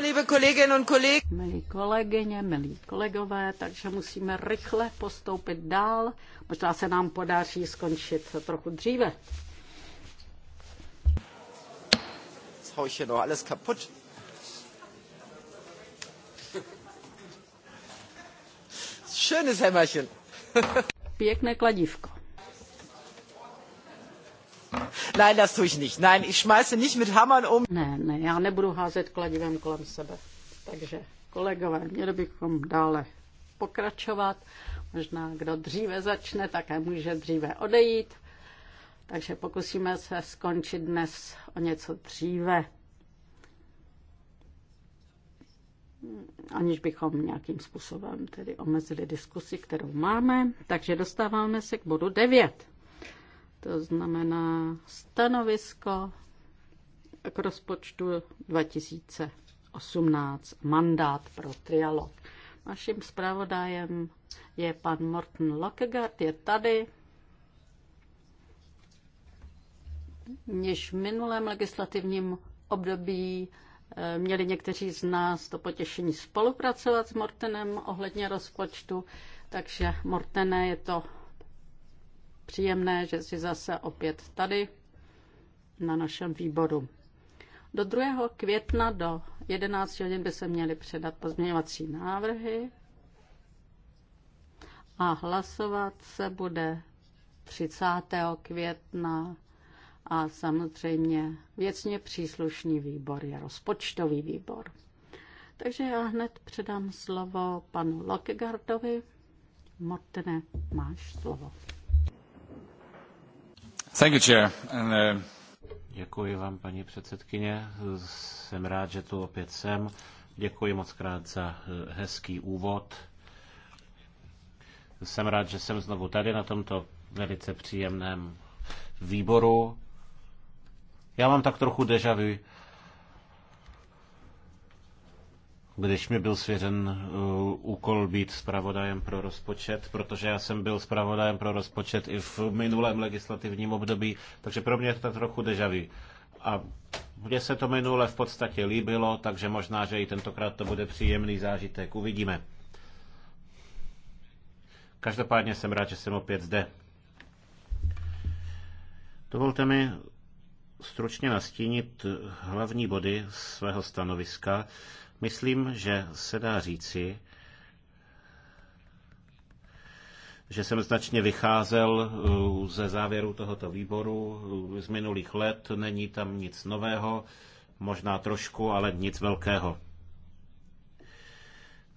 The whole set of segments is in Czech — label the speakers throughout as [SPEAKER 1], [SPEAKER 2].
[SPEAKER 1] Milí kolegyně, milí kolegové, takže musíme rychle postoupit dál. Možná se nám podaří skončit trochu dříve. Pěkné kladívko. Nein, das tue ich nicht. Nein, ich schmeiße nicht mit Hammern um. Ne, ne, já nebudu házet kladivem kolem sebe. Takže, kolegové, měli bychom dále pokračovat. Možná kdo dříve začne, také může dříve odejít. Takže pokusíme se skončit dnes o něco dříve. aniž bychom nějakým způsobem tedy omezili diskusi, kterou máme. Takže dostáváme se k bodu 9. To znamená stanovisko k rozpočtu 2018, mandát pro trialog. Naším zpravodajem je pan Morten Lockegaard, je tady. Již v minulém legislativním období eh, měli někteří z nás to potěšení spolupracovat s Mortenem ohledně rozpočtu, takže Mortené je to příjemné, že jsi zase opět tady na našem výboru. Do 2. května do 11 hodin by se měly předat pozměňovací návrhy a hlasovat se bude 30. května a samozřejmě věcně příslušný výbor je rozpočtový výbor. Takže já hned předám slovo panu Lokegardovi. Mortene, máš slovo. Uh,
[SPEAKER 2] Děkuji vám, paní předsedkyně. Jsem rád, že tu opět jsem. Děkuji moc krát za eh, hezký úvod. Jsem rád, že jsem znovu tady na tomto velice příjemném výboru. Já mám tak trochu deja vu když mi byl svěřen uh, úkol být zpravodajem pro rozpočet, protože já jsem byl zpravodajem pro rozpočet i v minulém legislativním období, takže pro mě je to trochu dejaví. A mně se to minule v podstatě líbilo, takže možná, že i tentokrát to bude příjemný zážitek. Uvidíme. Každopádně jsem rád, že jsem opět zde. Dovolte mi stručně nastínit hlavní body svého stanoviska Myslím, že se dá říci, že jsem značně vycházel uh, ze závěru tohoto výboru uh, z minulých let. Není tam nic nového, možná trošku, ale nic velkého.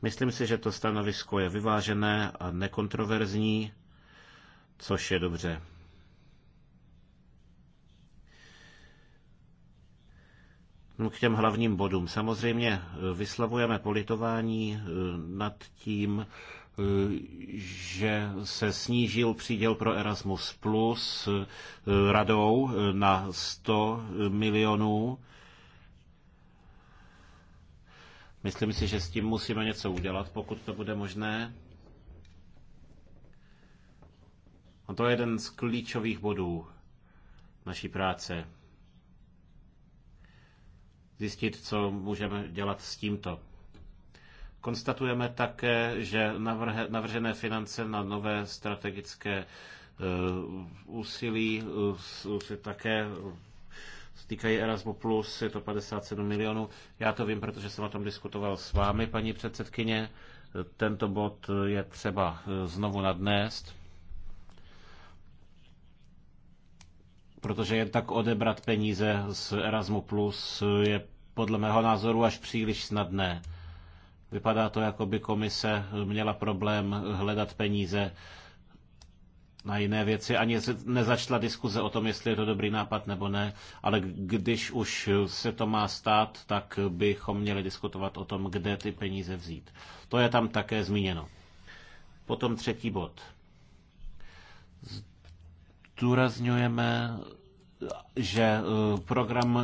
[SPEAKER 2] Myslím si, že to stanovisko je vyvážené a nekontroverzní, což je dobře. No, k těm hlavním bodům. Samozřejmě eh, vyslavujeme politování eh, nad tím, eh, že se snížil příděl pro Erasmus Plus radou na 100 milionů. Myslím si, že s tím musíme něco udělat, pokud to bude možné. A to je jeden z klíčových bodů naší práce zjistit, co můžeme dělat s tímto. Konstatujeme také, že navržené finance na nové strategické e, úsilí e, se také týkají Erasmu+, Plus, je to 57 milionů. Já to vím, protože jsem o tom diskutoval s vámi, paní předsedkyně. E, tento bod je třeba znovu nadnést. protože jen tak odebrat peníze z Erasmu Plus je podle mého názoru až příliš snadné. Vypadá to, jako by komise měla problém hledat peníze na jiné věci. Ani nezačala diskuze o tom, jestli je to dobrý nápad nebo ne, ale když už se to má stát, tak bychom měli diskutovat o tom, kde ty peníze vzít. To je tam také zmíněno. Potom třetí bod zdůrazňujeme že e, program e,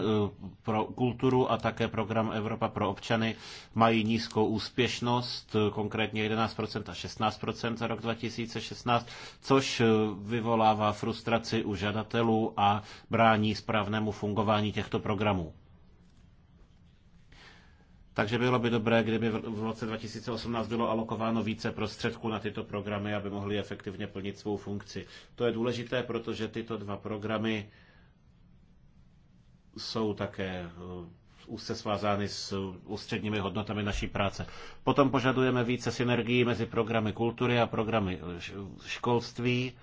[SPEAKER 2] pro kulturu a také program Evropa pro občany mají nízkou úspěšnost, e, konkrétně 11% a 16% za rok 2016, což vyvolává frustraci u žadatelů a brání správnému fungování těchto programů. Takže bylo by dobré, kdyby v roce 2018 bylo alokováno více prostředků na tyto programy, aby mohly efektivně plnit svou funkci. To je důležité, protože tyto dva programy jsou také úzce eh, svázány s eh, ústředními hodnotami naší práce. Potom požadujeme více synergií mezi programy kultury a programy eh, školství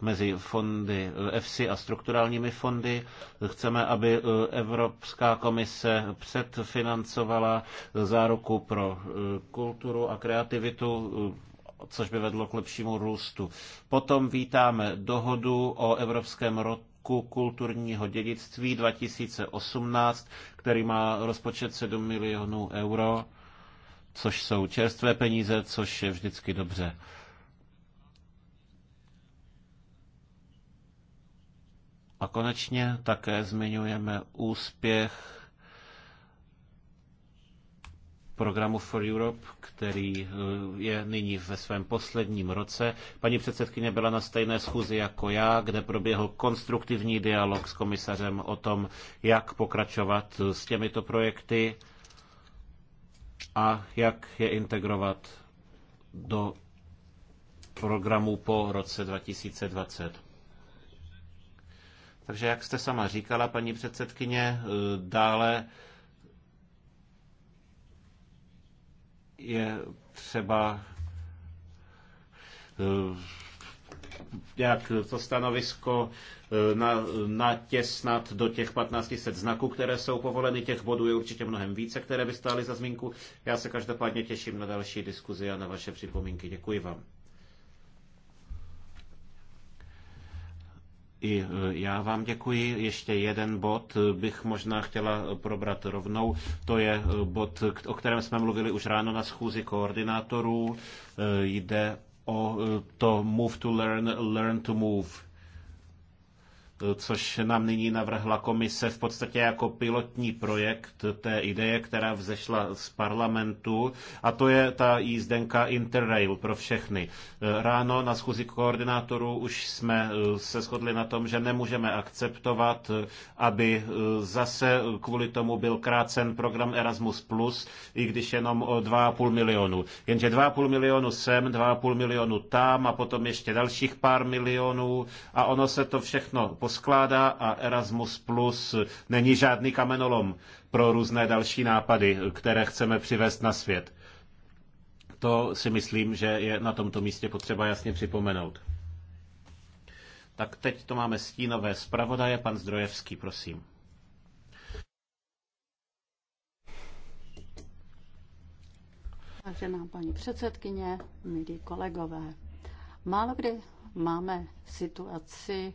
[SPEAKER 2] mezi fondy EFSI a strukturálními fondy. Chceme, aby e, Evropská komise předfinancovala záruku pro e, kulturu a kreativitu e, což by vedlo k lepšímu růstu. Potom vítáme dohodu o Evropském roku kulturního dědictví 2018, který má rozpočet 7 milionů euro, což jsou čerstvé peníze, což je vždycky dobře. A konečně také zmiňujeme úspěch programu For Europe, který eh, je nyní ve svém posledním roce. Paní předsedkyně byla na stejné schůzi jako já, kde proběhl konstruktivní dialog s komisařem o tom, jak pokračovat eh, s těmito projekty a jak je integrovat do programu po roce 2020. Takže jak jste sama říkala, paní předsedkyně, eh, dále je třeba eh, jak to stanovisko eh, na, natěsnat do těch 15 set znaků, které jsou povoleny. Těch bodů je určitě mnohem více, které by stály za zmínku. Já se každopádně těším na další diskuzi a na vaše připomínky. Děkuji vám. I e, já vám děkuji. Ještě jeden bod bych možná chtěla probrat rovnou. To je e, bod, o kterém jsme mluvili už ráno na schůzi koordinátorů. E, jde o to move to learn, learn to move což nám nyní navrhla komise v podstatě jako pilotní projekt té ideje, která vzešla z parlamentu, a to je ta jízdenka Interrail pro všechny. Ráno na schůzi koordinátorů už jsme eh, se shodli na tom, že nemůžeme akceptovat, eh, aby eh, zase kvůli tomu byl krácen program Erasmus+, i když jenom o 2,5 milionu. Jenže 2,5 milionu sem, 2,5 milionu tam a potom ještě dalších pár milionů a ono se to všechno poskládá a Erasmus Plus není žádný kamenolom pro různé další nápady, které chceme přivést na svět. To si myslím, že je na tomto místě potřeba jasně připomenout. Tak teď to máme stínové zpravodaje, pan Zdrojevský, prosím.
[SPEAKER 1] Vážená paní předsedkyně, milí kolegové, málo kdy máme situaci,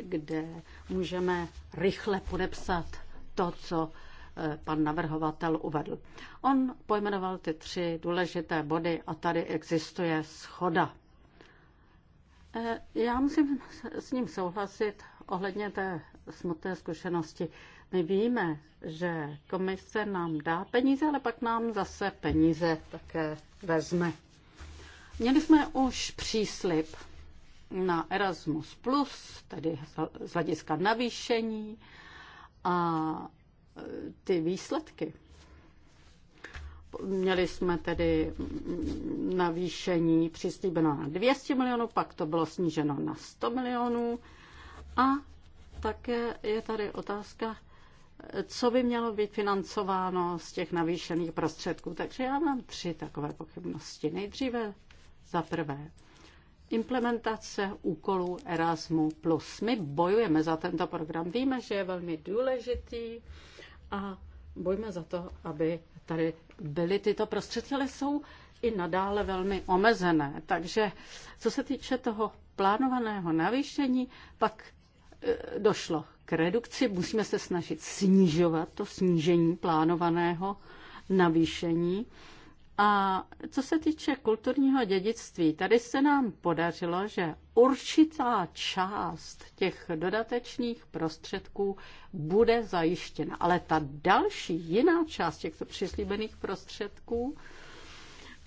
[SPEAKER 1] kde můžeme rychle podepsat to, co eh, pan navrhovatel uvedl. On pojmenoval ty tři důležité body a tady existuje schoda. Eh, já musím s ním souhlasit ohledně té smutné zkušenosti. My víme, že komise nám dá peníze, ale pak nám zase peníze také vezme. Měli jsme už příslip na Erasmus+, plus, tedy z hlediska navýšení a e, ty výsledky. Měli jsme tedy navýšení přislíbeno na 200 milionů, pak to bylo sníženo na 100 milionů a také je tady otázka, co by mělo být financováno z těch navýšených prostředků. Takže já mám tři takové pochybnosti. Nejdříve za prvé, Implementace úkolů Erasmu+. My bojujeme za tento program. Víme, že je velmi důležitý a bojujeme za to, aby tady byly tyto prostředky, ale jsou i nadále velmi omezené. Takže co se týče toho plánovaného navýšení, pak e, došlo k redukci. Musíme se snažit snižovat to snížení plánovaného navýšení. A co se týče kulturního dědictví, tady se nám podařilo, že určitá část těch dodatečných prostředků bude zajištěna, ale ta další jiná část těchto přislíbených prostředků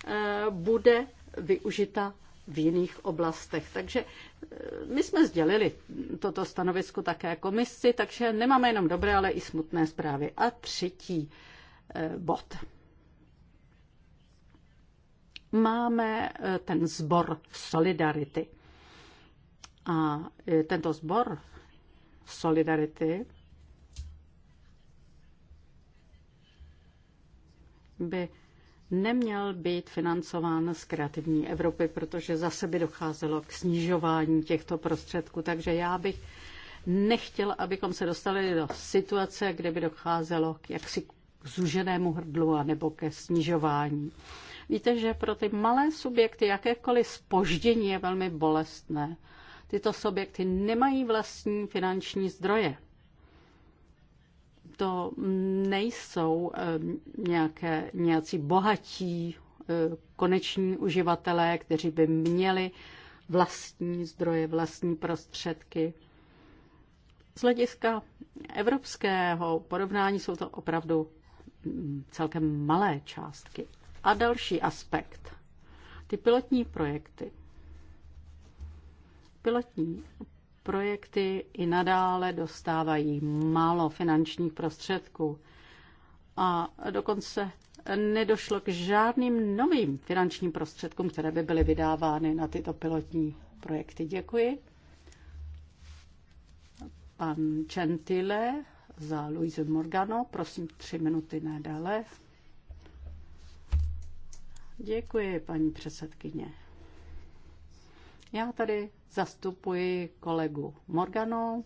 [SPEAKER 1] eh, bude využita v jiných oblastech. Takže eh, my jsme sdělili toto stanovisko také komisi, takže nemáme jenom dobré, ale i smutné zprávy. A třetí eh, bod máme eh, ten sbor Solidarity. A eh, tento sbor Solidarity by neměl být financován z kreativní Evropy, protože zase by docházelo k snižování těchto prostředků. Takže já bych nechtěl, abychom se dostali do situace, kde by docházelo k jaksi k zuženému hrdlu nebo ke snižování. Víte, že pro ty malé subjekty jakékoliv spoždění je velmi bolestné. Tyto subjekty nemají vlastní finanční zdroje. To nejsou eh, nějaké, nějací bohatí eh, koneční uživatelé, kteří by měli vlastní zdroje, vlastní prostředky. Z hlediska evropského porovnání jsou to opravdu mm, celkem malé částky. A další aspekt. Ty pilotní projekty. Pilotní projekty i nadále dostávají málo finančních prostředků a dokonce nedošlo k žádným novým finančním prostředkům, které by byly vydávány na tyto pilotní projekty. Děkuji. Pan čentile za Luise Morgano, prosím tři minuty nadále. Děkuji, paní předsedkyně. Já tady zastupuji kolegu Morganu,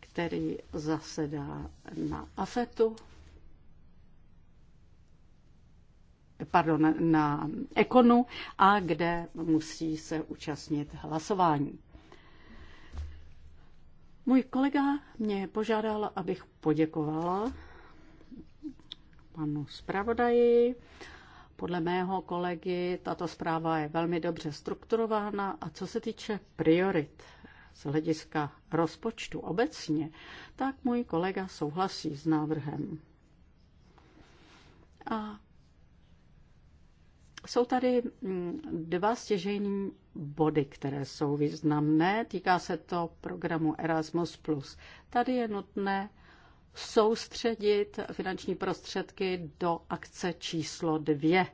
[SPEAKER 1] který zasedá na AFETu, pardon, na Ekonu a kde musí se účastnit hlasování. Můj kolega mě požádal, abych poděkovala panu zpravodaji podle mého kolegy tato zpráva je velmi dobře strukturována a co se týče priorit z hlediska rozpočtu obecně, tak můj kolega souhlasí s návrhem. A jsou tady mm, dva stěžejní body, které jsou významné. Týká se to programu Erasmus. Tady je nutné soustředit finanční prostředky do akce číslo dvě.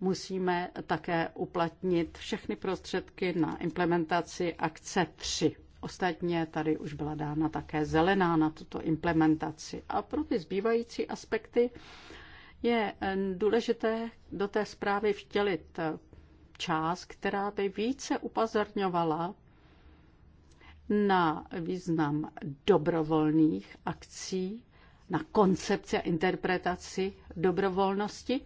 [SPEAKER 1] Musíme také uplatnit všechny prostředky na implementaci akce 3. Ostatně tady už byla dána také zelená na tuto implementaci. A pro ty zbývající aspekty je eh, důležité do té zprávy vtělit eh, část, která by více upozorňovala na význam dobrovolných akcí, na koncepci a interpretaci dobrovolnosti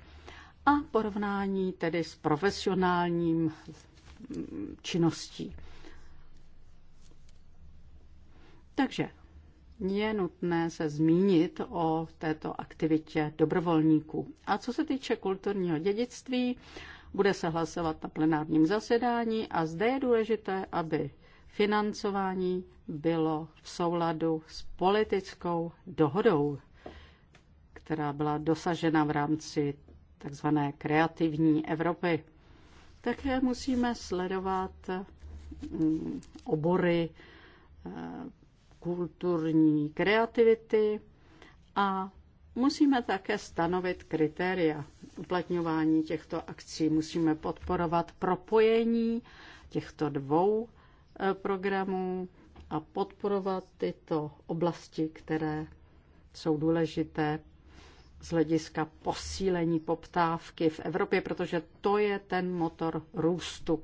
[SPEAKER 1] a porovnání tedy s profesionálním činností. Takže je nutné se zmínit o této aktivitě dobrovolníků. A co se týče kulturního dědictví, bude se hlasovat na plenárním zasedání a zde je důležité, aby financování bylo v souladu s politickou dohodou, která byla dosažena v rámci tzv. kreativní Evropy. Také musíme sledovat mm, obory eh, kulturní kreativity a musíme také stanovit kritéria uplatňování těchto akcí. Musíme podporovat propojení těchto dvou Eh, programů a podporovat tyto oblasti, které jsou důležité z hlediska posílení poptávky v Evropě, protože to je ten motor růstu.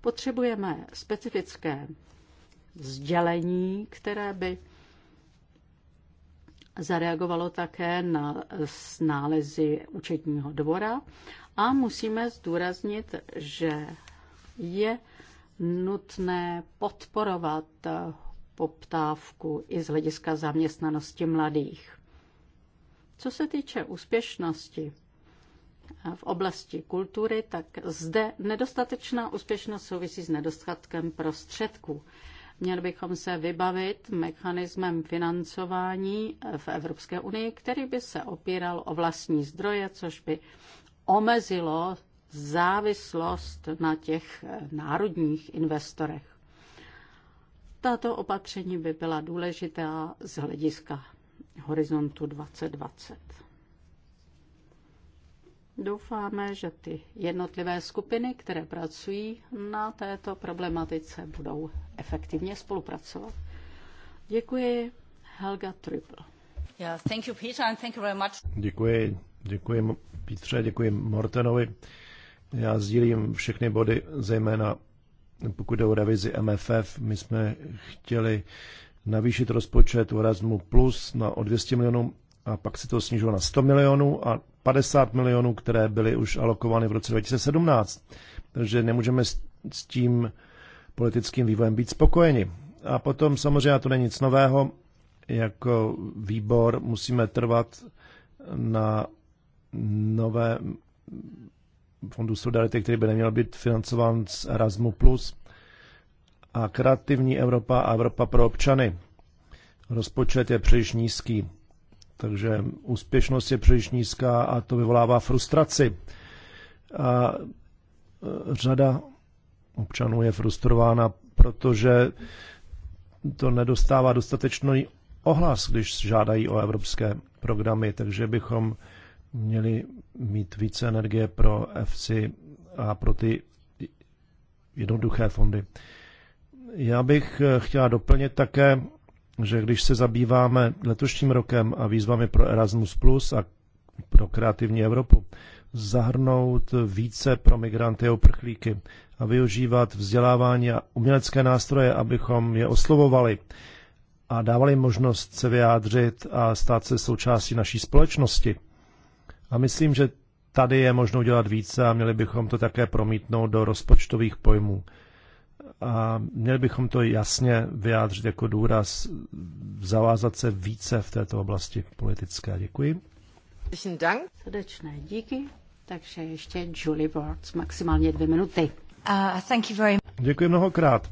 [SPEAKER 1] Potřebujeme specifické sdělení, které by zareagovalo také na nálezy účetního dvora a musíme zdůraznit, že je nutné podporovat poptávku i z hlediska zaměstnanosti mladých. Co se týče úspěšnosti v oblasti kultury, tak zde nedostatečná úspěšnost souvisí s nedostatkem prostředků. Měli bychom se vybavit mechanismem financování v Evropské unii, který by se opíral o vlastní zdroje, což by omezilo závislost na těch národních investorech. Tato opatření by byla důležitá z hlediska horizontu 2020. Doufáme, že ty jednotlivé skupiny, které pracují na této problematice, budou efektivně spolupracovat. Děkuji, Helga Triple. Yeah, thank you, Peter, and thank you very much.
[SPEAKER 3] Děkuji, děkuji Petře, děkuji Mortenovi. Já sdílím všechny body, zejména pokud jde o revizi MFF, my jsme chtěli navýšit rozpočet Erasmu Plus na o 200 milionů a pak se to snížilo na 100 milionů a 50 milionů, které byly už alokovány v roce 2017. Takže nemůžeme s tím politickým vývojem být spokojeni. A potom samozřejmě to není nic nového. Jako výbor musíme trvat na nové fondu Solidarity, který by neměl být financován z Erasmu+, a kreativní Evropa a Evropa pro občany. Rozpočet je příliš nízký, takže úspěšnost je příliš nízká a to vyvolává frustraci. A e, řada občanů je frustrována, protože to nedostává dostatečný ohlas, když žádají o evropské programy, takže bychom měli mít více energie pro FC a pro ty jednoduché fondy. Já bych eh, chtěla doplnit také, že když se zabýváme letošním rokem a výzvami pro Erasmus Plus a pro kreativní Evropu, zahrnout více pro migranty a uprchlíky a využívat vzdělávání a umělecké nástroje, abychom je oslovovali a dávali možnost se vyjádřit a stát se součástí naší společnosti. A myslím, že tady je možno udělat více a měli bychom to také promítnout do rozpočtových pojmů. A měli bychom to jasně vyjádřit jako důraz, zavázat se více v této oblasti politické. Děkuji.
[SPEAKER 1] Srdečné díky. Takže ještě Julie Bortz, maximálně dvě minuty.
[SPEAKER 3] Uh, thank you very Děkuji mnohokrát.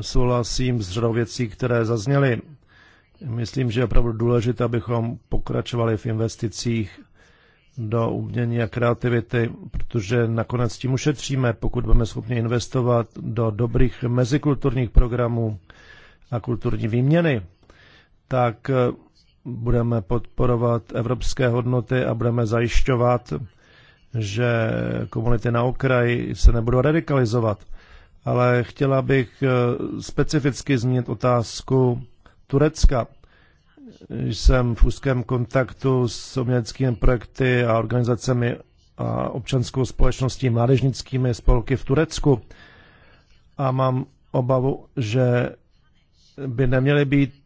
[SPEAKER 3] Souhlasím s řadou věcí, které zazněly Myslím, že je opravdu důležité, abychom pokračovali v investicích do umění a kreativity, protože nakonec tím ušetříme, pokud budeme schopni investovat do dobrých mezikulturních programů a kulturní výměny, tak eh, budeme podporovat evropské hodnoty a budeme zajišťovat, že komunity na okraji se nebudou radikalizovat. Ale chtěla bych eh, specificky zmínit otázku Turecka. Jsem v úzkém kontaktu s uměleckými projekty a organizacemi a občanskou společností mládežnickými spolky v Turecku a mám obavu, že by neměly být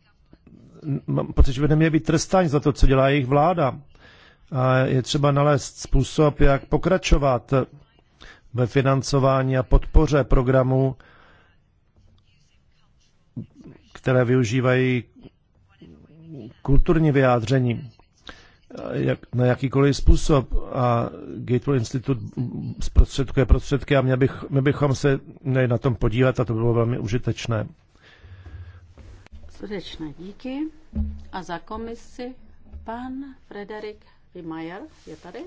[SPEAKER 3] mám pocit, že by neměly být trestání za to, co dělá jejich vláda. A je třeba nalézt způsob, jak pokračovat ve financování a podpoře programů které využívají kulturní vyjádření jak, na jakýkoliv způsob a Gateway Institute zprostředkuje prostředky a mě bych, my bychom se měli na tom podívat a to bylo velmi užitečné.
[SPEAKER 1] Srdečné díky. A za komisi pan Frederik Fimajer je tady.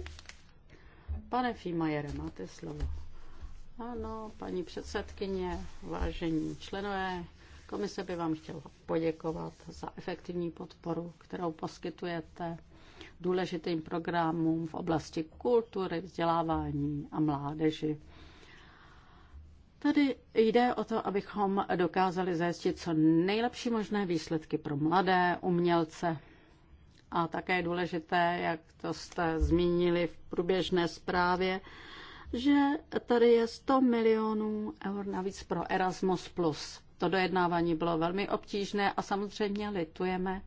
[SPEAKER 1] Pane Fimajere, máte slovo. Ano, paní předsedkyně, vážení členové Komise by vám chtěla poděkovat za efektivní podporu, kterou poskytujete důležitým programům v oblasti kultury, vzdělávání a mládeži. Tady jde o to, abychom dokázali zajistit co nejlepší možné výsledky pro mladé umělce. A také je důležité, jak to jste zmínili v průběžné zprávě, že tady je 100 milionů eur navíc pro Erasmus+. To dojednávání bylo velmi obtížné a samozřejmě litujeme,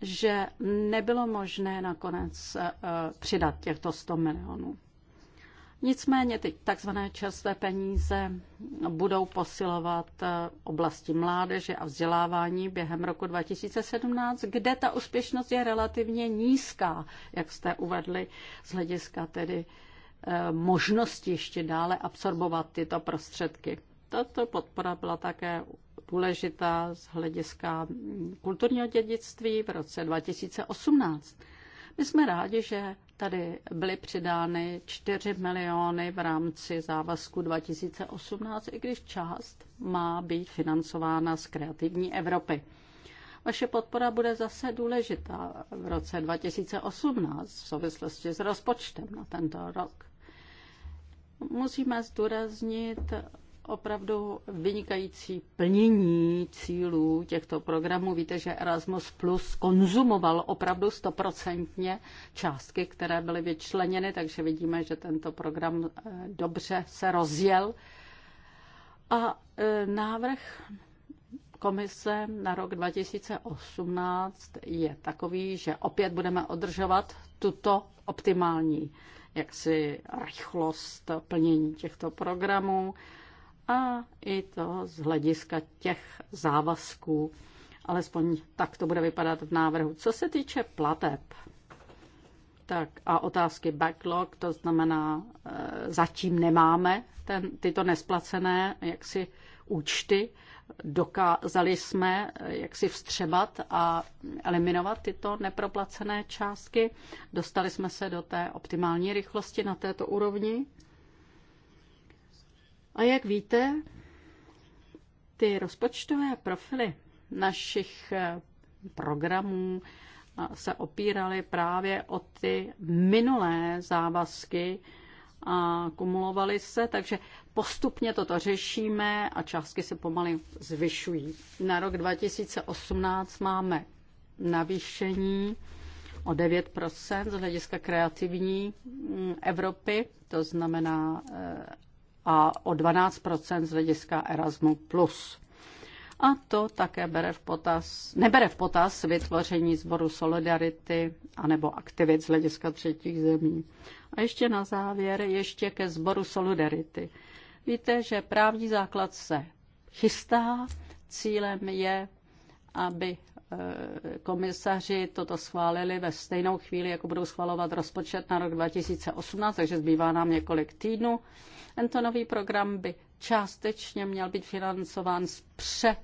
[SPEAKER 1] že nebylo možné nakonec eh, přidat těchto 100 milionů. Nicméně ty takzvané čerstvé peníze budou posilovat eh, oblasti mládeže a vzdělávání během roku 2017, kde ta úspěšnost je relativně nízká, jak jste uvedli z hlediska tedy eh, možnosti ještě dále absorbovat tyto prostředky. Tato podpora byla také důležitá z hlediska kulturního dědictví v roce 2018. My jsme rádi, že tady byly přidány 4 miliony v rámci závazku 2018, i když část má být financována z Kreativní Evropy. Vaše podpora bude zase důležitá v roce 2018 v souvislosti s rozpočtem na tento rok. Musíme zdůraznit opravdu vynikající plnění cílů těchto programů. Víte, že Erasmus Plus konzumoval opravdu stoprocentně částky, které byly vyčleněny, takže vidíme, že tento program eh, dobře se rozjel. A eh, návrh komise na rok 2018 je takový, že opět budeme održovat tuto optimální jaksi rychlost plnění těchto programů a i to z hlediska těch závazků, alespoň tak to bude vypadat v návrhu. Co se týče plateb, tak a otázky backlog, to znamená, e, zatím nemáme ten, tyto nesplacené jaksi účty. Dokázali jsme e, jaksi vstřebat a eliminovat tyto neproplacené částky. Dostali jsme se do té optimální rychlosti na této úrovni. A jak víte, ty rozpočtové profily našich eh, programů eh, se opíraly právě o ty minulé závazky a kumulovaly se, takže postupně toto řešíme a částky se pomaly zvyšují. Na rok 2018 máme navýšení o 9% z hlediska kreativní mm, Evropy, to znamená eh, a o 12 z hlediska Erasmu+. A to také bere v potaz, nebere v potaz vytvoření sboru Solidarity anebo aktivit z hlediska třetích zemí. A ještě na závěr, ještě ke sboru Solidarity. Víte, že právní základ se chystá, cílem je, aby Eh, komisaři toto schválili ve stejnou chvíli, jako budou schvalovat rozpočet na rok 2018, takže zbývá nám několik týdnů. Tento nový program by částečně měl být financován z pře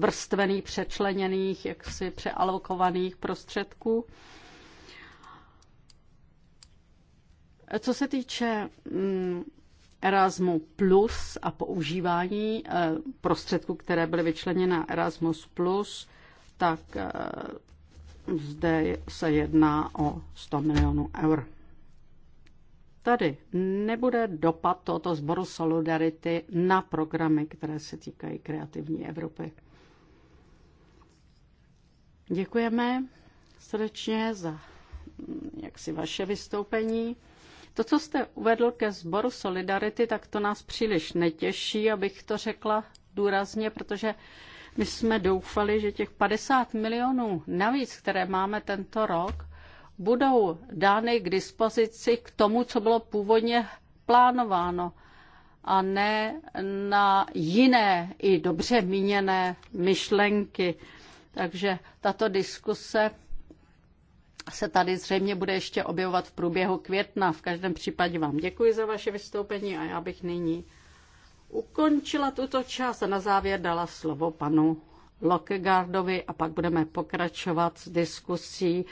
[SPEAKER 1] vrstvených, přečleněných, jaksi přealokovaných prostředků. Co se týče mm, Erasmu Plus a používání eh, prostředků, které byly vyčleněny na Erasmus Plus, tak eh, zde se jedná o 100 milionů eur. Tady nebude dopad tohoto sboru Solidarity na programy, které se týkají kreativní Evropy. Děkujeme srdečně za mm, jaksi vaše vystoupení. To, co jste uvedl ke sboru Solidarity, tak to nás příliš netěší, abych to řekla důrazně, protože my jsme doufali, že těch 50 milionů navíc, které máme tento rok, budou dány k dispozici k tomu, co bylo původně plánováno a ne na jiné i dobře míněné myšlenky. Takže tato diskuse se tady zřejmě bude ještě objevovat v průběhu května. V každém případě vám děkuji za vaše vystoupení a já bych nyní ukončila tuto část a na závěr dala slovo panu Lokegardovi a pak budeme pokračovat s diskusí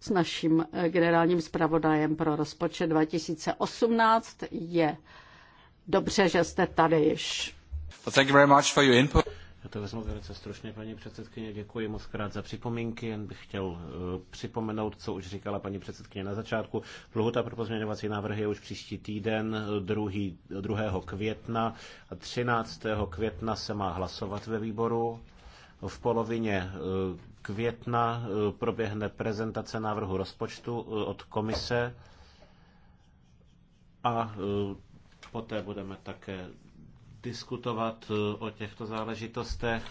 [SPEAKER 1] s naším eh, generálním zpravodajem pro rozpočet 2018. Je dobře, že jste tady již. Well, thank you very much
[SPEAKER 2] for your input. To vezmu velice stručně, paní předsedkyně. Děkuji moc krát za připomínky. Jen bych chtěl eh, připomenout, co už říkala paní předsedkyně na začátku. Lhuta pro pozměňovací návrhy je už příští týden, 2. 2. května. 13. května se má hlasovat ve výboru. V polovině eh, května eh, proběhne prezentace návrhu rozpočtu od komise a poté budeme také diskutovat eh, o těchto záležitostech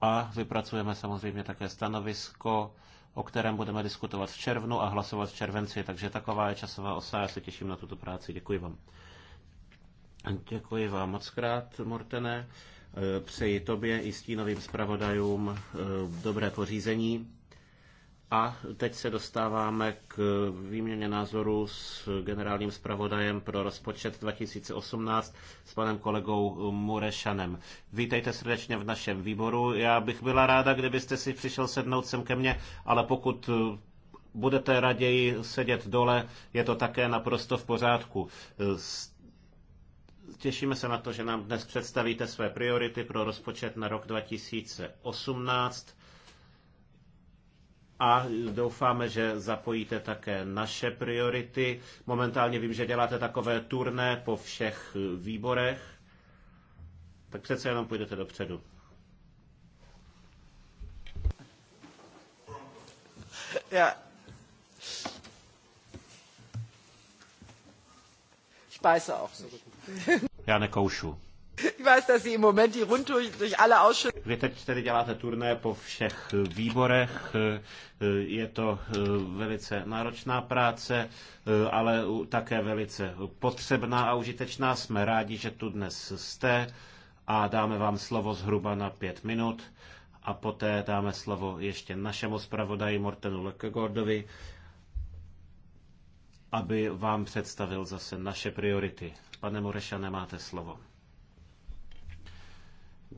[SPEAKER 2] a vypracujeme samozřejmě také stanovisko, o kterém budeme diskutovat v červnu a hlasovat v červenci, takže taková je časová osa, já se těším na tuto práci, děkuji vám. Děkuji vám moc krát, Mortene. Eh, přeji tobě i stínovým zpravodajům eh, dobré pořízení a teď se dostáváme k výměně názoru s generálním zpravodajem pro rozpočet 2018 s panem kolegou Murešanem. Vítejte srdečně v našem výboru. Já bych byla ráda, kdybyste si přišel sednout sem ke mně, ale pokud budete raději sedět dole, je to také naprosto v pořádku. Těšíme se na to, že nám dnes představíte své priority pro rozpočet na rok 2018 a doufáme, že zapojíte také naše priority. Momentálně vím, že děláte takové turné po všech výborech, tak přece jenom půjdete dopředu.
[SPEAKER 1] Já. Ich beiße auch
[SPEAKER 2] Já nekoušu. Vy teď tedy děláte turné po všech výborech, je to eh, velice náročná práce, eh, ale také velice potřebná a užitečná. Jsme rádi, že tu dnes jste a dáme vám slovo zhruba na pět minut a poté dáme slovo ještě našemu zpravodaji Mortenu Lekegordovi, aby vám představil zase naše priority. Pane Morešane, máte slovo.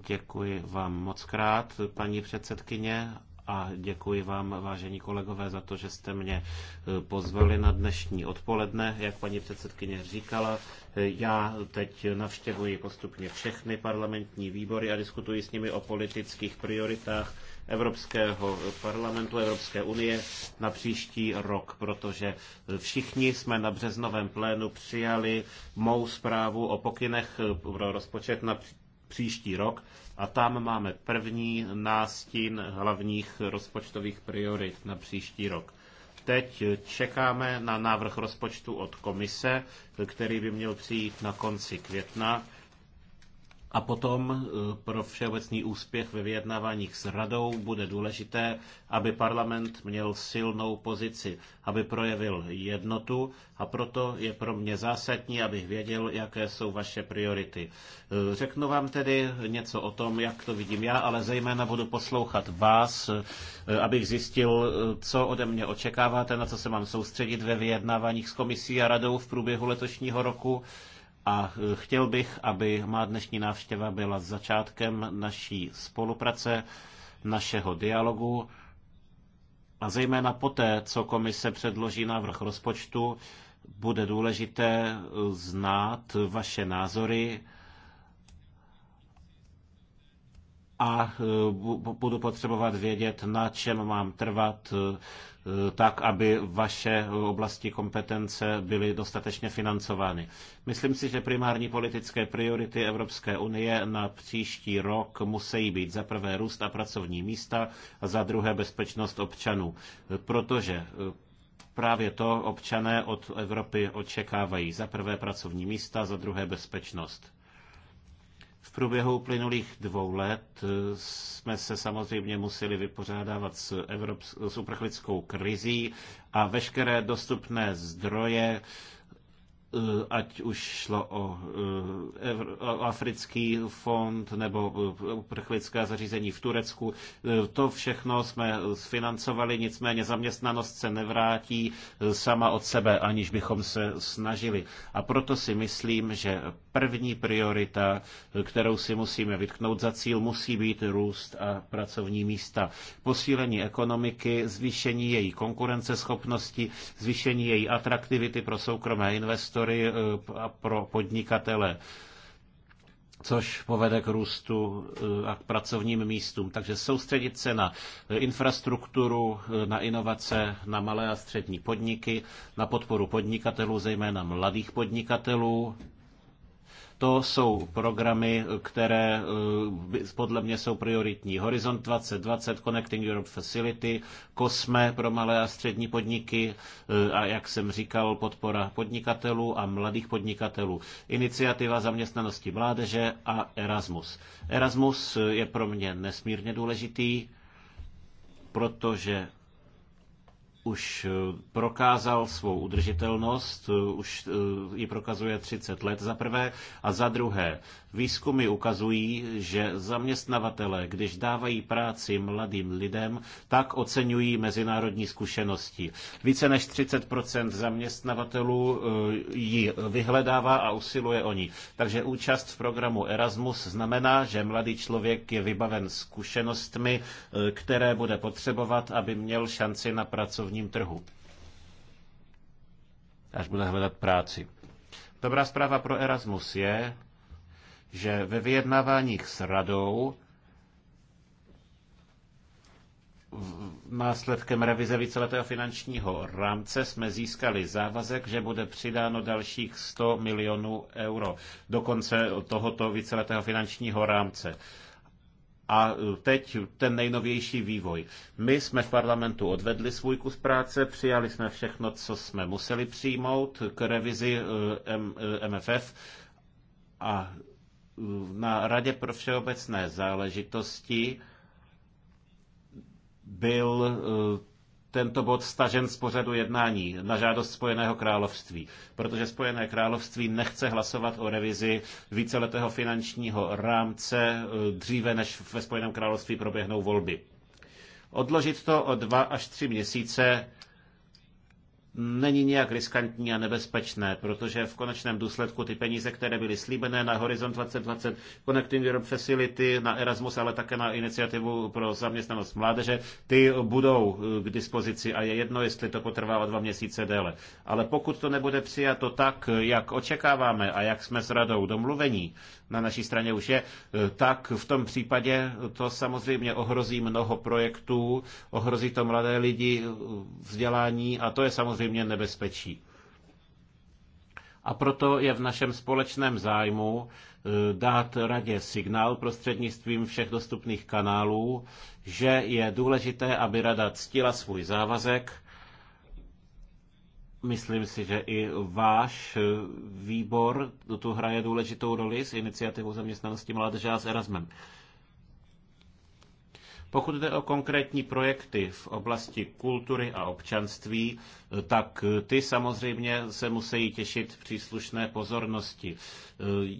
[SPEAKER 2] Děkuji vám moc krát, paní předsedkyně, a děkuji vám, vážení kolegové, za to, že jste mě eh, pozvali na dnešní odpoledne. Jak paní předsedkyně říkala, eh, já teď navštěvuji postupně všechny parlamentní výbory a diskutuji s nimi o politických prioritách Evropského parlamentu Evropské unie na příští rok, protože eh, všichni jsme na březnovém plénu přijali mou zprávu o pokynech pro rozpočet na příští rok a tam máme první nástin hlavních rozpočtových priorit na příští rok. Teď čekáme na návrh rozpočtu od komise, který by měl přijít na konci května a potom eh, pro všeobecný úspěch ve vyjednáváních s radou bude důležité, aby parlament měl silnou pozici, aby projevil jednotu a proto je pro mě zásadní, abych věděl, jaké jsou vaše priority. Eh, řeknu vám tedy něco o tom, jak to vidím já, ale zejména budu poslouchat vás, eh, abych zjistil, co ode mě očekáváte, na co se mám soustředit ve vyjednáváních s komisí a radou v průběhu letošního roku a chtěl bych, aby má dnešní návštěva byla začátkem naší spolupráce, našeho dialogu a zejména poté, co komise předloží návrh rozpočtu, bude důležité znát vaše názory a e, budu potřebovat vědět, na čem mám trvat, e, tak, aby vaše oblasti kompetence byly dostatečně financovány. Myslím si, že primární politické priority Evropské unie na příští rok musí být za prvé růst a pracovní místa a za druhé bezpečnost občanů, protože e, právě to občané od Evropy očekávají. Za prvé pracovní místa, za druhé bezpečnost. V průběhu uplynulých dvou let eh, jsme se samozřejmě museli vypořádávat s, evropskou s uprchlickou krizí a veškeré dostupné zdroje Eh, ať už šlo o eh, africký fond nebo eh, prchlické zařízení v Turecku. To všechno jsme sfinancovali, nicméně zaměstnanost se nevrátí sama od sebe, aniž bychom se snažili. A proto si myslím, že první priorita, kterou si musíme vytknout za cíl, musí být růst a pracovní místa. Posílení ekonomiky, zvýšení její konkurenceschopnosti, zvýšení její atraktivity pro soukromé investory, sektory eh, a pro podnikatele což povede k růstu eh, a k pracovním místům. Takže soustředit se na eh, infrastrukturu, na inovace, na malé a střední podniky, na podporu podnikatelů, zejména mladých podnikatelů, to jsou programy, které eh, podle mě jsou prioritní. Horizont 2020, Connecting Europe Facility, COSME pro malé a střední podniky eh, a, jak jsem říkal, podpora podnikatelů a mladých podnikatelů. Iniciativa zaměstnanosti mládeže a Erasmus. Erasmus eh, je pro mě nesmírně důležitý, protože už eh, prokázal svou udržitelnost, eh, už eh, ji prokazuje 30 let za prvé, a za druhé Výzkumy ukazují, že zaměstnavatele, když dávají práci mladým lidem, tak oceňují mezinárodní zkušenosti. Více než 30 zaměstnavatelů eh, ji vyhledává a usiluje o ní. Takže účast v programu Erasmus znamená, že mladý člověk je vybaven zkušenostmi, eh, které bude potřebovat, aby měl šanci na pracovním trhu až bude hledat práci. Dobrá zpráva pro Erasmus je, že ve vyjednáváních s radou následkem revize víceletého finančního rámce jsme získali závazek, že bude přidáno dalších 100 milionů euro do konce tohoto víceletého finančního rámce. A e, teď ten nejnovější vývoj. My jsme v parlamentu odvedli svůj kus práce, přijali jsme všechno, co jsme museli přijmout k revizi e, MFF e, a na Radě pro všeobecné záležitosti byl e, tento bod stažen z pořadu jednání na žádost Spojeného království, protože Spojené království nechce hlasovat o revizi víceletého finančního rámce e, dříve, než ve Spojeném království proběhnou volby. Odložit to o dva až tři měsíce není nijak riskantní a nebezpečné, protože v konečném důsledku ty peníze, které byly slíbené na Horizon 2020, Connecting Europe Facility, na Erasmus, ale také na iniciativu pro zaměstnanost mládeže, ty budou eh, k dispozici a je jedno, jestli to potrvá o dva měsíce déle. Ale pokud to nebude přijato tak, jak očekáváme a jak jsme s radou domluvení, na naší straně už je, eh, tak v tom případě to samozřejmě ohrozí mnoho projektů, ohrozí to mladé lidi, eh, vzdělání a to je samozřejmě nebezpečí. A proto je v našem společném zájmu eh, dát radě signál prostřednictvím všech dostupných kanálů, že je důležité, aby rada ctila svůj závazek Myslím si, že i váš výbor do tu hraje důležitou roli s iniciativou zaměstnanosti mládeže a s Erasmem. Pokud jde o konkrétní projekty v oblasti kultury a občanství, tak ty samozřejmě se musí těšit příslušné pozornosti.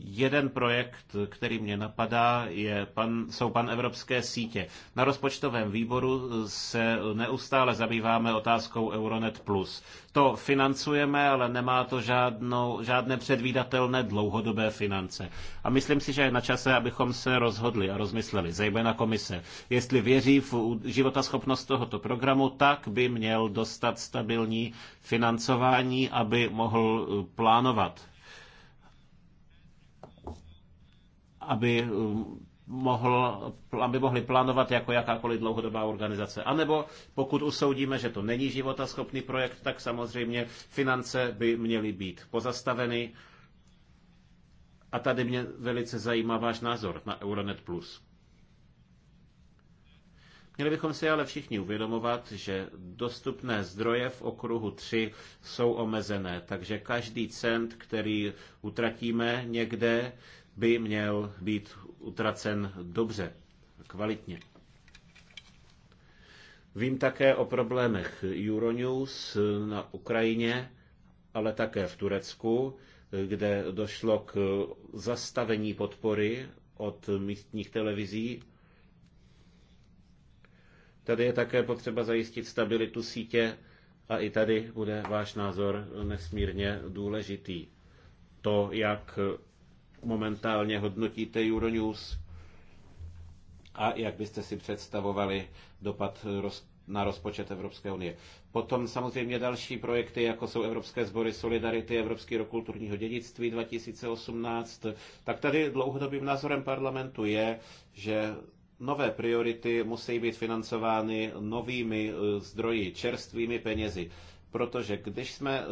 [SPEAKER 2] Jeden projekt, který mě napadá, je pan, jsou pan Evropské sítě. Na rozpočtovém výboru se neustále zabýváme otázkou Euronet+. Plus. To financujeme, ale nemá to žádnou, žádné předvídatelné dlouhodobé finance. A myslím si, že je na čase, abychom se rozhodli a rozmysleli, zejména komise. Jestli věří v životaschopnost tohoto programu, tak by měl dostat stabilní financování, aby mohl eh, plánovat. Aby eh, mohl, aby mohli plánovat jako jakákoliv dlouhodobá organizace. A nebo pokud usoudíme, že to není životaschopný projekt, tak samozřejmě finance by měly být pozastaveny. A tady mě velice zajímá váš názor na Euronet+. Plus. Měli bychom si ale všichni uvědomovat, že dostupné zdroje v okruhu 3 jsou omezené, takže každý cent, který utratíme někde, by měl být utracen dobře, kvalitně. Vím také o problémech Euronews na Ukrajině, ale také v Turecku, kde došlo k zastavení podpory od místních televizí Tady je také potřeba zajistit stabilitu sítě a i tady bude váš názor nesmírně důležitý. To, jak momentálně hodnotíte Euronews a jak byste si představovali dopad na rozpočet Evropské unie. Potom samozřejmě další projekty, jako jsou Evropské sbory Solidarity, Evropský rok kulturního dědictví 2018, tak tady dlouhodobým názorem parlamentu je, že Nové priority musí být financovány novými eh, zdroji, čerstvými penězi protože když jsme eh,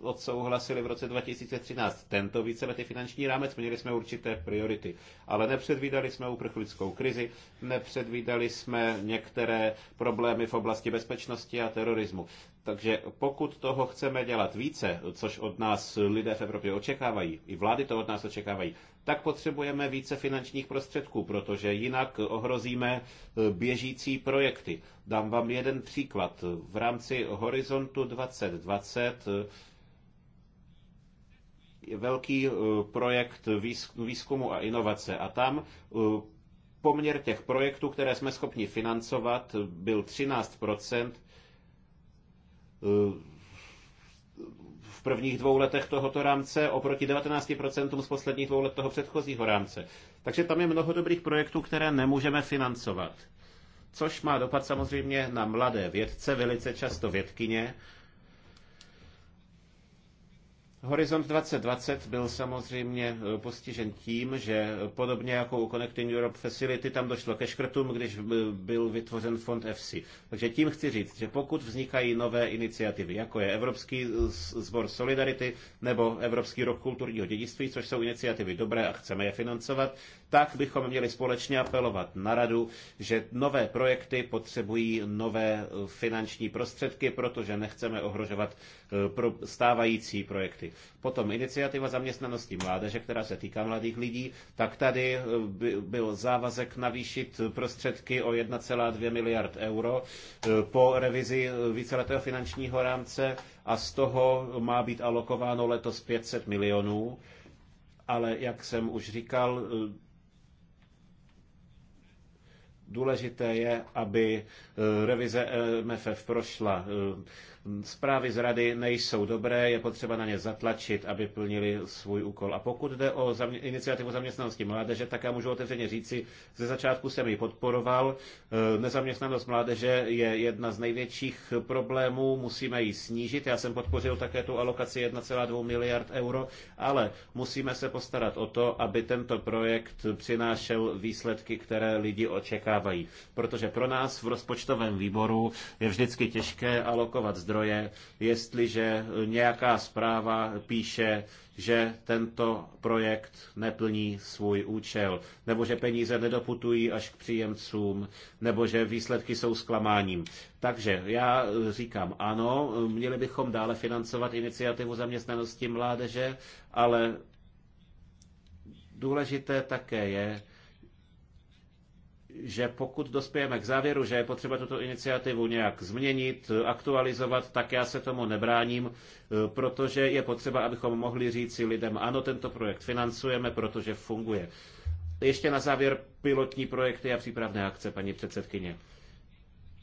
[SPEAKER 2] odsouhlasili v roce 2013 tento víceletý finanční rámec, měli jsme určité priority, ale nepředvídali jsme uprchlickou krizi, nepředvídali jsme některé problémy v oblasti bezpečnosti a terorismu. Takže pokud toho chceme dělat více, což od nás lidé v Evropě očekávají, i vlády to od nás očekávají, tak potřebujeme více finančních prostředků, protože jinak ohrozíme eh, běžící projekty. Dám vám jeden příklad. V rámci Horizontu 2020 eh, velký eh, projekt výzkumu a inovace a tam poměr těch projektů, které jsme schopni financovat, byl 13 Eh, v prvních dvou letech tohoto rámce oproti 19% z posledních dvou let toho předchozího rámce. Takže tam je mnoho dobrých projektů, které nemůžeme financovat. Což má dopad samozřejmě na mladé vědce, velice často vědkyně, Horizont 2020 byl samozřejmě eh, postižen tím, že podobně jako u Connecting Europe Facility tam došlo ke škrtům, když byl vytvořen fond FC. Takže tím chci říct, že pokud vznikají nové iniciativy, jako je Evropský eh, sbor Solidarity nebo Evropský rok kulturního dědictví, což jsou iniciativy dobré a chceme je financovat, tak bychom měli společně apelovat na radu, že nové projekty potřebují nové eh, finanční prostředky, protože nechceme ohrožovat eh, stávající projekty. Potom iniciativa zaměstnanosti mládeže, která se týká mladých lidí, tak tady eh, byl závazek navýšit prostředky o 1,2 miliard euro po revizi víceletého finančního rámce a z toho má být alokováno letos 500 milionů ale jak jsem už říkal, Důležité je, aby eh, revize eh, MFF prošla eh, Zprávy z rady nejsou dobré, je potřeba na ně zatlačit, aby plnili svůj úkol. A pokud jde o zamě- iniciativu zaměstnanosti mládeže, tak já můžu otevřeně říci, ze začátku jsem ji podporoval. E, nezaměstnanost mládeže je jedna z největších problémů, musíme ji snížit. Já jsem podpořil také tu alokaci 1,2 miliard euro, ale musíme se postarat o to, aby tento projekt přinášel výsledky, které lidi očekávají. Protože pro nás v rozpočtovém výboru je vždycky těžké alokovat zdroje zdroje, jestliže nějaká zpráva píše, že tento projekt neplní svůj účel, nebo že peníze nedoputují až k příjemcům, nebo že výsledky jsou zklamáním. Takže já říkám ano, měli bychom dále financovat iniciativu zaměstnanosti mládeže, ale důležité také je, že pokud dospějeme k závěru, že je potřeba tuto iniciativu nějak změnit, aktualizovat, tak já se tomu nebráním, e, protože je potřeba, abychom mohli říci lidem, ano, tento projekt financujeme, protože funguje. Ještě na závěr pilotní projekty a přípravné akce, paní předsedkyně.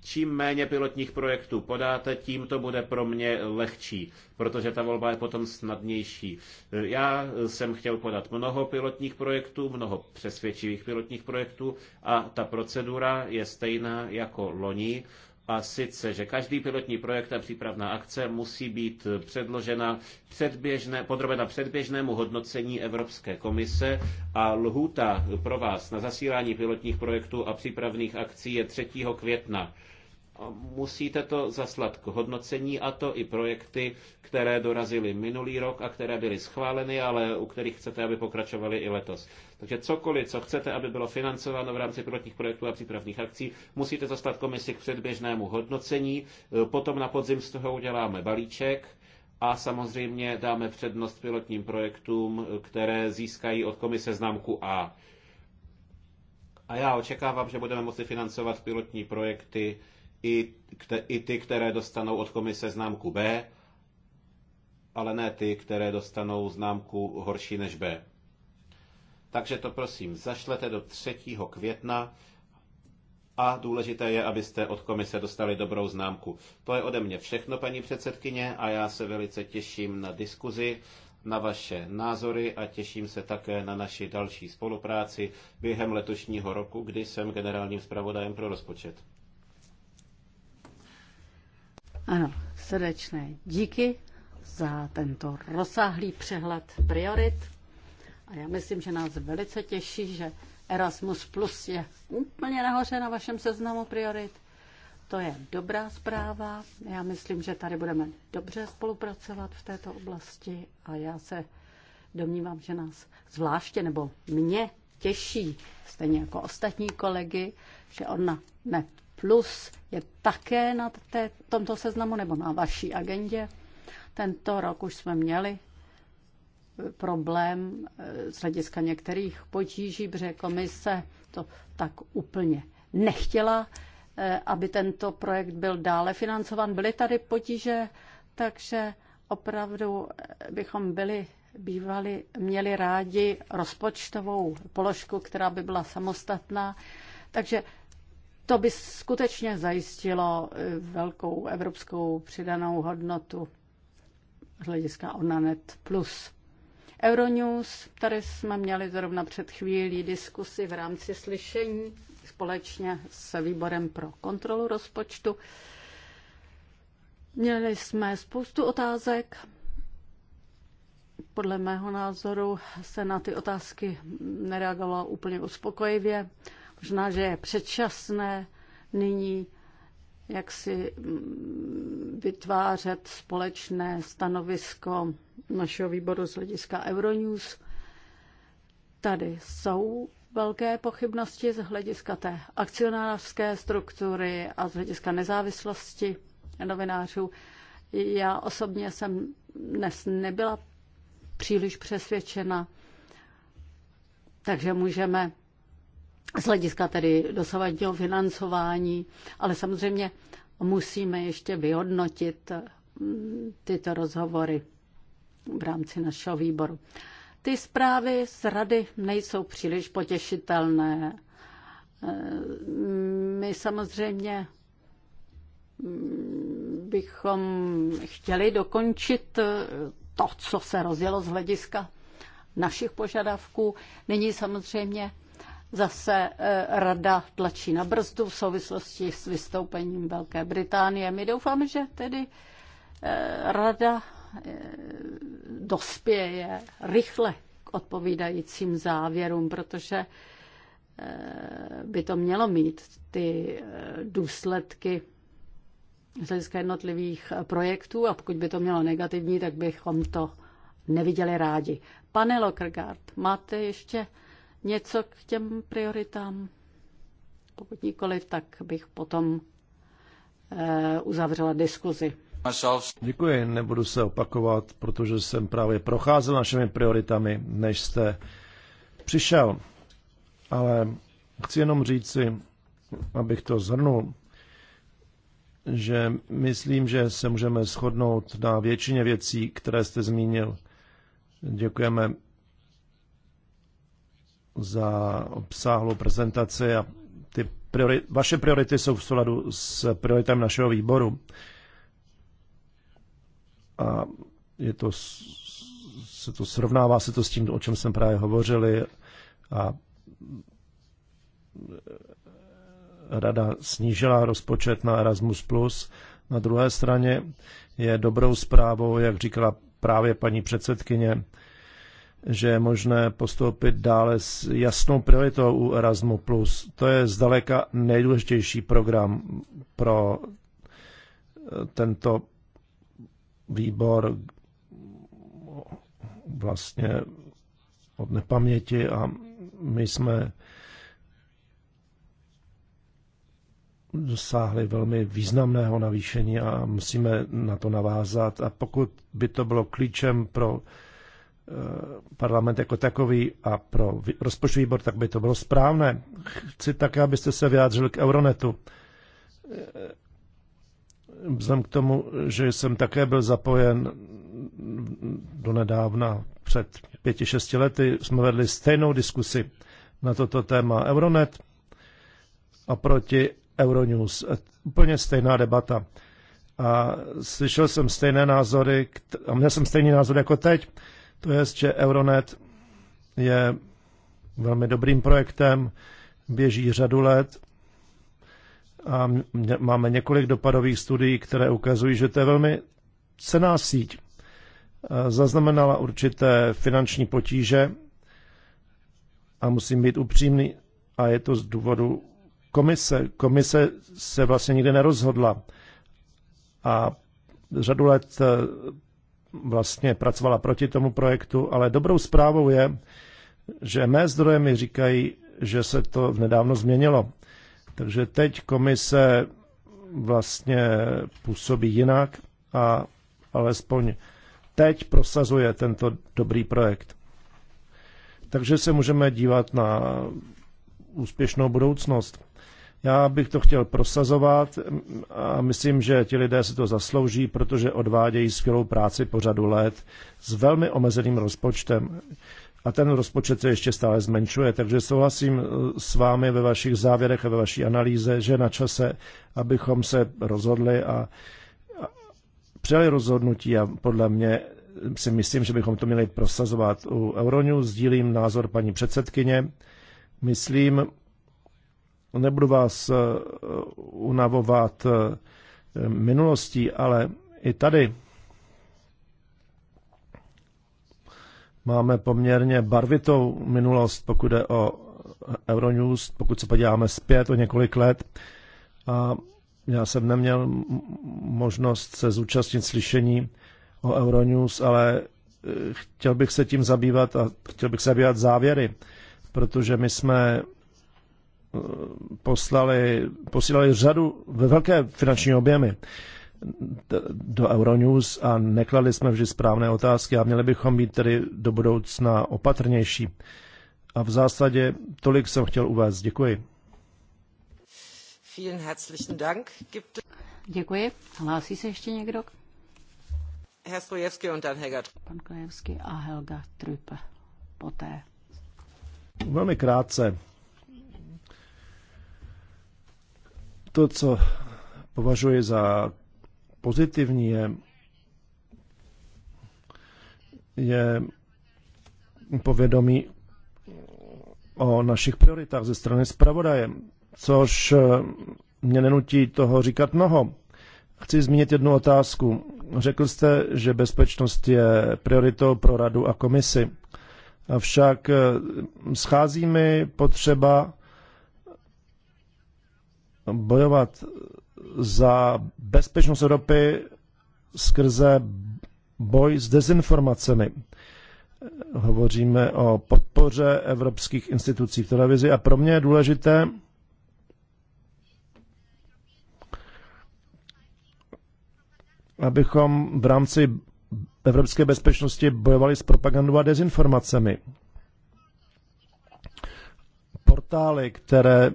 [SPEAKER 2] Čím méně pilotních projektů podáte, tím to bude pro mě lehčí, protože ta volba je potom snadnější. Já jsem chtěl podat mnoho pilotních projektů, mnoho přesvědčivých pilotních projektů a ta procedura je stejná jako loni. A sice, že každý pilotní projekt a přípravná akce musí být předložena předběžné, podrobena předběžnému hodnocení Evropské komise a lhůta pro vás na zasílání pilotních projektů a přípravných akcí je 3. května musíte to zaslat k hodnocení a to i projekty, které dorazily minulý rok a které byly schváleny, ale u kterých chcete, aby pokračovaly i letos. Takže cokoliv, co chcete, aby bylo financováno v rámci pilotních projektů a přípravných akcí, musíte zaslat komisi k předběžnému hodnocení, potom na podzim z toho uděláme balíček, a samozřejmě dáme přednost pilotním projektům, které získají od komise známku A. A já očekávám, že budeme moci financovat pilotní projekty i, i ty, které dostanou od komise známku B, ale ne ty, které dostanou známku horší než B. Takže to prosím, zašlete do 3. května a důležité je, abyste od komise dostali dobrou známku. To je ode mě všechno, paní předsedkyně, a já se velice těším na diskuzi, na vaše názory a těším se také na naši další spolupráci během letošního roku, kdy jsem generálním zpravodajem pro rozpočet.
[SPEAKER 1] Ano, srdečné díky za tento rozsáhlý přehled priorit. A já myslím, že nás velice těší, že Erasmus Plus je úplně nahoře na vašem seznamu priorit. To je dobrá zpráva. Já myslím, že tady budeme dobře spolupracovat v této oblasti a já se domnívám, že nás zvláště nebo mě těší, stejně jako ostatní kolegy, že ona ne plus je také na té, tomto seznamu nebo na vaší agendě. Tento rok už jsme měli eh, problém eh, z hlediska některých potíží, protože komise to tak úplně nechtěla, eh, aby tento projekt byl dále financován Byly tady potíže, takže opravdu bychom byli bývali, měli rádi rozpočtovou položku, která by byla samostatná. Takže to by skutečně zajistilo eh, velkou evropskou přidanou hodnotu z hlediska Onanet+. Plus. Euronews, tady jsme měli zrovna před chvílí diskusi v rámci slyšení společně s výborem pro kontrolu rozpočtu. Měli jsme spoustu otázek. Podle mého názoru se na ty otázky nereagovalo úplně uspokojivě. Možná, že je předčasné nyní jak si mm, vytvářet společné stanovisko našeho výboru z hlediska Euronews. Tady jsou velké pochybnosti z hlediska té akcionářské struktury a z hlediska nezávislosti novinářů. Já osobně jsem dnes nebyla příliš přesvědčena, takže můžeme z hlediska tedy dosavadního financování, ale samozřejmě musíme ještě vyhodnotit mm, tyto rozhovory v rámci našeho výboru. Ty zprávy z rady nejsou příliš potěšitelné. E, my samozřejmě mm, bychom chtěli dokončit e, to, co se rozjelo z hlediska našich požadavků. Nyní samozřejmě zase eh, rada tlačí na brzdu v souvislosti s vystoupením Velké Británie. My doufáme, že tedy eh, rada eh, dospěje rychle k odpovídajícím závěrům, protože by to mělo mít ty důsledky z hlediska jednotlivých projektů a pokud by to mělo negativní, tak bychom to neviděli rádi. Pane Lokrgard, máte ještě něco k těm prioritám? Pokud nikoliv, tak bych potom eh, uzavřela diskuzi.
[SPEAKER 3] Děkuji, nebudu se opakovat, protože jsem právě procházel našimi prioritami, než jste přišel. Ale chci jenom říci, abych to zhrnul, že myslím, že se můžeme shodnout na většině věcí, které jste zmínil. Děkujeme za obsáhlou prezentaci a ty priori- vaše priority jsou v souladu s prioritami našeho výboru. A je to, se to srovnává se to s tím, o čem jsem právě hovořili a rada snížila rozpočet na Erasmus+. Na druhé straně je dobrou zprávou, jak říkala právě paní předsedkyně, že je možné postoupit dále s jasnou prioritou u Erasmu+. To je zdaleka nejdůležitější program pro eh, tento výbor vlastně od nepaměti a my jsme dosáhli velmi významného navýšení a musíme na to navázat. A pokud by to bylo klíčem pro Eh, parlament jako takový a pro rozpočtový výbor, tak by to bylo správné. Chci také, abyste se vyjádřili k Euronetu. Eh, vzhledem k tomu, že jsem také byl zapojen do nedávna před pěti, šesti lety, jsme vedli stejnou diskusi na toto téma Euronet a proti Euronews. Eh, úplně stejná debata. A slyšel jsem stejné názory a měl jsem stejný názor jako teď to je, že Euronet je velmi dobrým projektem, běží řadu let a máme několik dopadových studií, které ukazují, že to je velmi cená síť. E, zaznamenala určité finanční potíže a musím být upřímný a je to z důvodu komise. Komise se vlastně nikdy nerozhodla a řadu let e, vlastně pracovala proti tomu projektu, ale dobrou zprávou je, že mé zdroje mi říkají, že se to nedávno změnilo. Takže teď komise vlastně působí jinak a alespoň teď prosazuje tento dobrý projekt. Takže se můžeme dívat na úspěšnou budoucnost. Já bych to chtěl prosazovat a myslím, že ti lidé si to zaslouží, protože odvádějí skvělou práci po řadu let s velmi omezeným rozpočtem. A ten rozpočet se ještě stále zmenšuje, takže souhlasím eh, s vámi ve vašich závěrech a ve vaší analýze, že na čase, abychom se rozhodli a, a přijali rozhodnutí a podle mě si myslím, že bychom to měli prosazovat u Euronews. Sdílím názor paní předsedkyně. Myslím, Nebudu vás eh, unavovat eh, minulostí, ale i tady máme poměrně barvitou minulost, pokud jde o eh, Euronews, pokud se podíváme zpět o několik let. A já jsem neměl možnost se zúčastnit slyšení o Euronews, ale chtěl bych se tím zabývat a chtěl bych se zabývat závěry, protože my jsme poslali, posílali řadu ve velké finanční objemy do Euronews a nekladli jsme vždy správné otázky a měli bychom být tedy do budoucna opatrnější. A v zásadě tolik jsem chtěl uvést. Děkuji.
[SPEAKER 1] Děkuji. Hlásí se ještě někdo? Pan Krojevský a Helga Trüpe
[SPEAKER 3] poté. Velmi krátce. To, co považuji za pozitivní, je, je povědomí o našich prioritách ze strany zpravodaje, což eh, mě nenutí toho říkat mnoho. Chci zmínit jednu otázku. Řekl jste, že bezpečnost je prioritou pro radu a komisi. Avšak eh, schází mi potřeba bojovat za bezpečnost Evropy skrze boj s dezinformacemi. Hovoříme o podpoře evropských institucí v televizi a pro mě je důležité, abychom v rámci evropské bezpečnosti bojovali s propagandou a dezinformacemi. Portály, které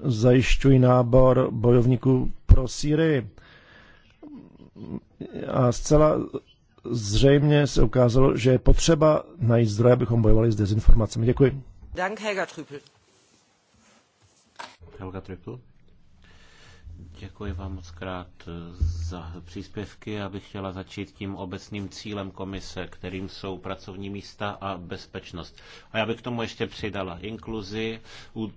[SPEAKER 3] zajišťují nábor bojovníků pro Sýrii. A zcela zřejmě se ukázalo, že je potřeba najít zdroje, abychom bojovali s dezinformacemi. Děkuji.
[SPEAKER 2] Dank Helga Trüppel. Helga Trüppel. Děkuji vám moc krát eh, za příspěvky. Já bych chtěla začít tím obecným cílem komise, kterým jsou pracovní místa a bezpečnost. A já bych k tomu ještě přidala inkluzi,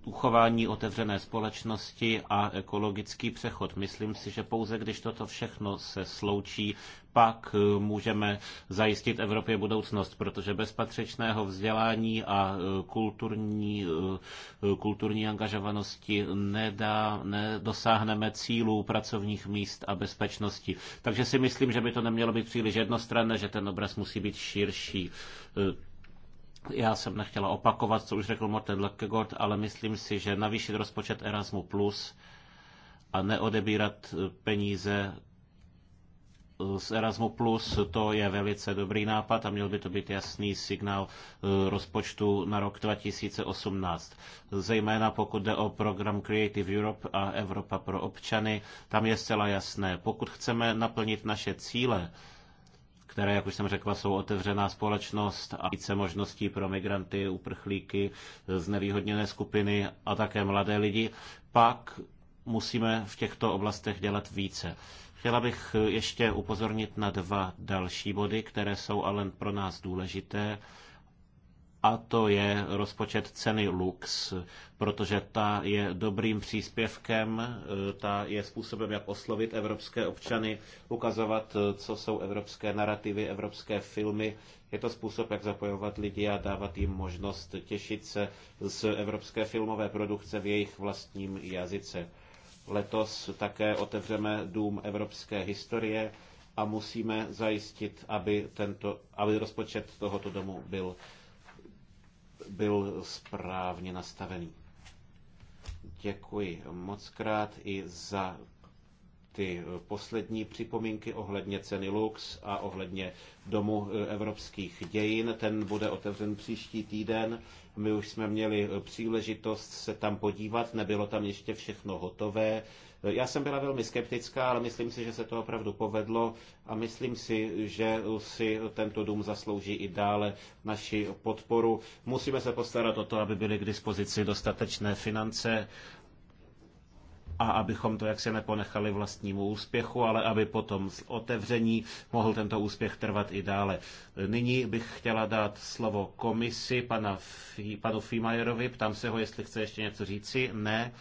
[SPEAKER 2] uchování otevřené společnosti a ekologický přechod. Myslím si, že pouze když toto všechno se sloučí, pak eh, můžeme zajistit Evropě budoucnost, protože bez patřičného vzdělání a eh, kulturní, eh, kulturní angažovanosti nedá, nedosáhneme cílů pracovních míst a bezpečnosti. Takže si myslím, že by to nemělo být příliš jednostranné, že ten obraz musí být širší. Já jsem nechtěla opakovat, co už řekl Morten Lekegord, ale myslím si, že navýšit rozpočet Erasmu Plus a neodebírat peníze z Erasmu+, Plus, to je velice dobrý nápad a měl by to být jasný signál eh, rozpočtu na rok 2018. Zejména pokud jde o program Creative Europe a Evropa pro občany, tam je zcela jasné. Pokud chceme naplnit naše cíle, které, jak už jsem řekla, jsou otevřená společnost a více možností pro migranty, uprchlíky, eh, znevýhodněné skupiny a také mladé lidi, pak musíme v těchto oblastech dělat více. Chtěla bych eh, ještě upozornit na dva další body, které jsou ale pro nás důležité a to je rozpočet ceny Lux, protože ta je dobrým příspěvkem, eh, ta je způsobem, jak oslovit evropské občany, ukazovat, eh, co jsou evropské narrativy, evropské filmy. Je to způsob, jak zapojovat lidi a dávat jim možnost těšit se z evropské filmové produkce v jejich vlastním jazyce. Letos také otevřeme Dům evropské historie a musíme zajistit, aby, tento, aby rozpočet tohoto domu byl, byl správně nastavený. Děkuji moc krát i za ty eh, poslední připomínky ohledně ceny Lux a ohledně Domu eh, evropských dějin. Ten bude otevřen příští týden. My už jsme měli eh, příležitost se tam podívat, nebylo tam ještě všechno hotové. Já jsem byla velmi skeptická, ale myslím si, že se to opravdu povedlo a myslím si, že si tento dům zaslouží i dále naši podporu. Musíme se postarat o to, aby byly k dispozici dostatečné finance a abychom to jaksi neponechali vlastnímu úspěchu, ale aby potom z otevření mohl tento úspěch trvat i dále. Nyní bych chtěla dát slovo komisi pana, panu Fímajerovi. Ptám se ho, jestli chce ještě něco říci. Ne.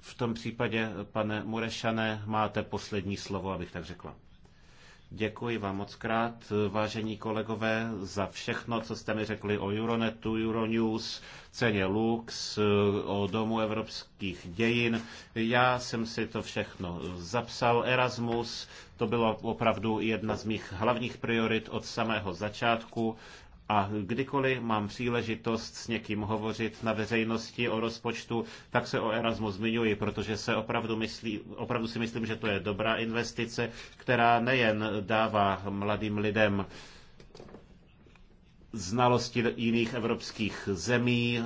[SPEAKER 2] V tom případě, pane Murešané, máte poslední slovo, abych tak řekla. Děkuji vám moc krát, vážení kolegové, za všechno, co jste mi řekli o Euronetu, Euronews, ceně Lux, o Domu evropských dějin. Já jsem si to všechno zapsal. Erasmus, to bylo opravdu jedna z mých hlavních priorit od samého začátku. A kdykoliv mám příležitost s někým hovořit na veřejnosti o rozpočtu, tak se o Erasmu zmiňuji, protože se opravdu, myslí, opravdu si myslím, že to je dobrá investice, která nejen dává mladým lidem znalosti jiných evropských zemí,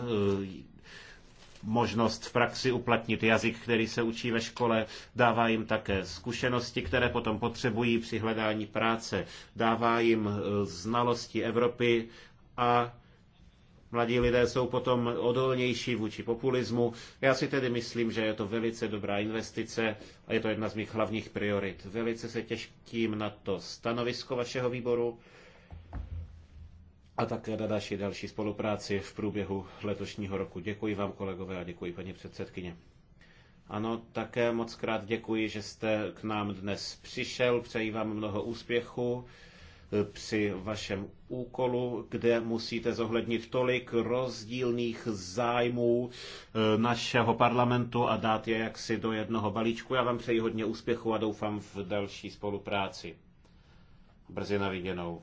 [SPEAKER 2] možnost v praxi uplatnit jazyk, který se učí ve škole, dává jim také zkušenosti, které potom potřebují při hledání práce, dává jim e, znalosti Evropy a Mladí lidé jsou potom odolnější vůči populismu. Já si tedy myslím, že je to velice dobrá investice a je to jedna z mých hlavních priorit. Velice se těším na to stanovisko vašeho výboru a také na naši další spolupráci v průběhu letošního roku. Děkuji vám, kolegové, a děkuji paní předsedkyně. Ano, také moc krát děkuji, že jste k nám dnes přišel. Přeji vám mnoho úspěchu při vašem úkolu, kde musíte zohlednit tolik rozdílných zájmů eh, našeho parlamentu a dát je jaksi do jednoho balíčku. Já vám přeji hodně úspěchu a doufám v další spolupráci. Brzy na viděnou.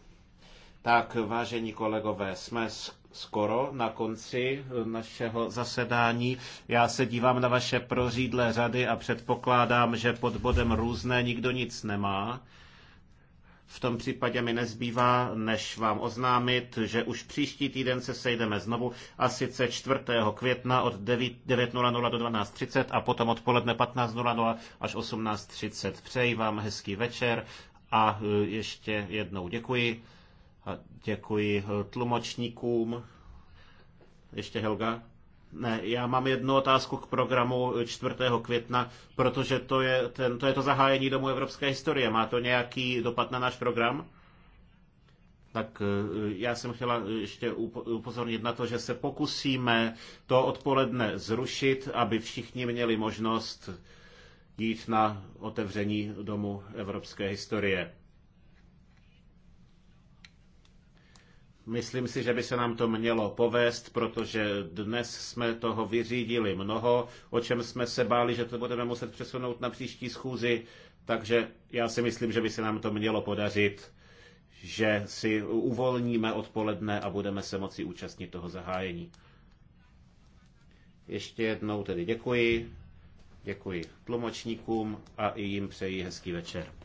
[SPEAKER 2] Tak, vážení kolegové, jsme skoro na konci eh, našeho zasedání. Já se dívám na vaše prořídlé řady a předpokládám, že pod bodem různé nikdo nic nemá. V tom případě mi nezbývá, než vám oznámit, že už příští týden se sejdeme znovu a sice 4. května od 9.00 do 12.30 a potom odpoledne 15.00 až 18.30. Přeji vám hezký večer a eh, ještě jednou děkuji. A děkuji eh, tlumočníkům. Ještě Helga? Ne, já mám jednu otázku k programu 4. Eh, května, protože to je, ten, to, je to zahájení Domu evropské historie. Má to nějaký dopad na náš program? Tak eh, já jsem chtěla ještě upozornit na to, že se pokusíme to odpoledne zrušit, aby všichni měli možnost jít na otevření Domu evropské historie. Myslím si, že by se nám to mělo povést, protože dnes jsme toho vyřídili mnoho, o čem jsme se báli, že to budeme muset přesunout na příští schůzi, takže já si myslím, že by se nám to mělo podařit, že si uvolníme odpoledne a budeme se moci účastnit toho zahájení. Ještě jednou tedy děkuji, děkuji tlumočníkům a i jim přeji hezký večer.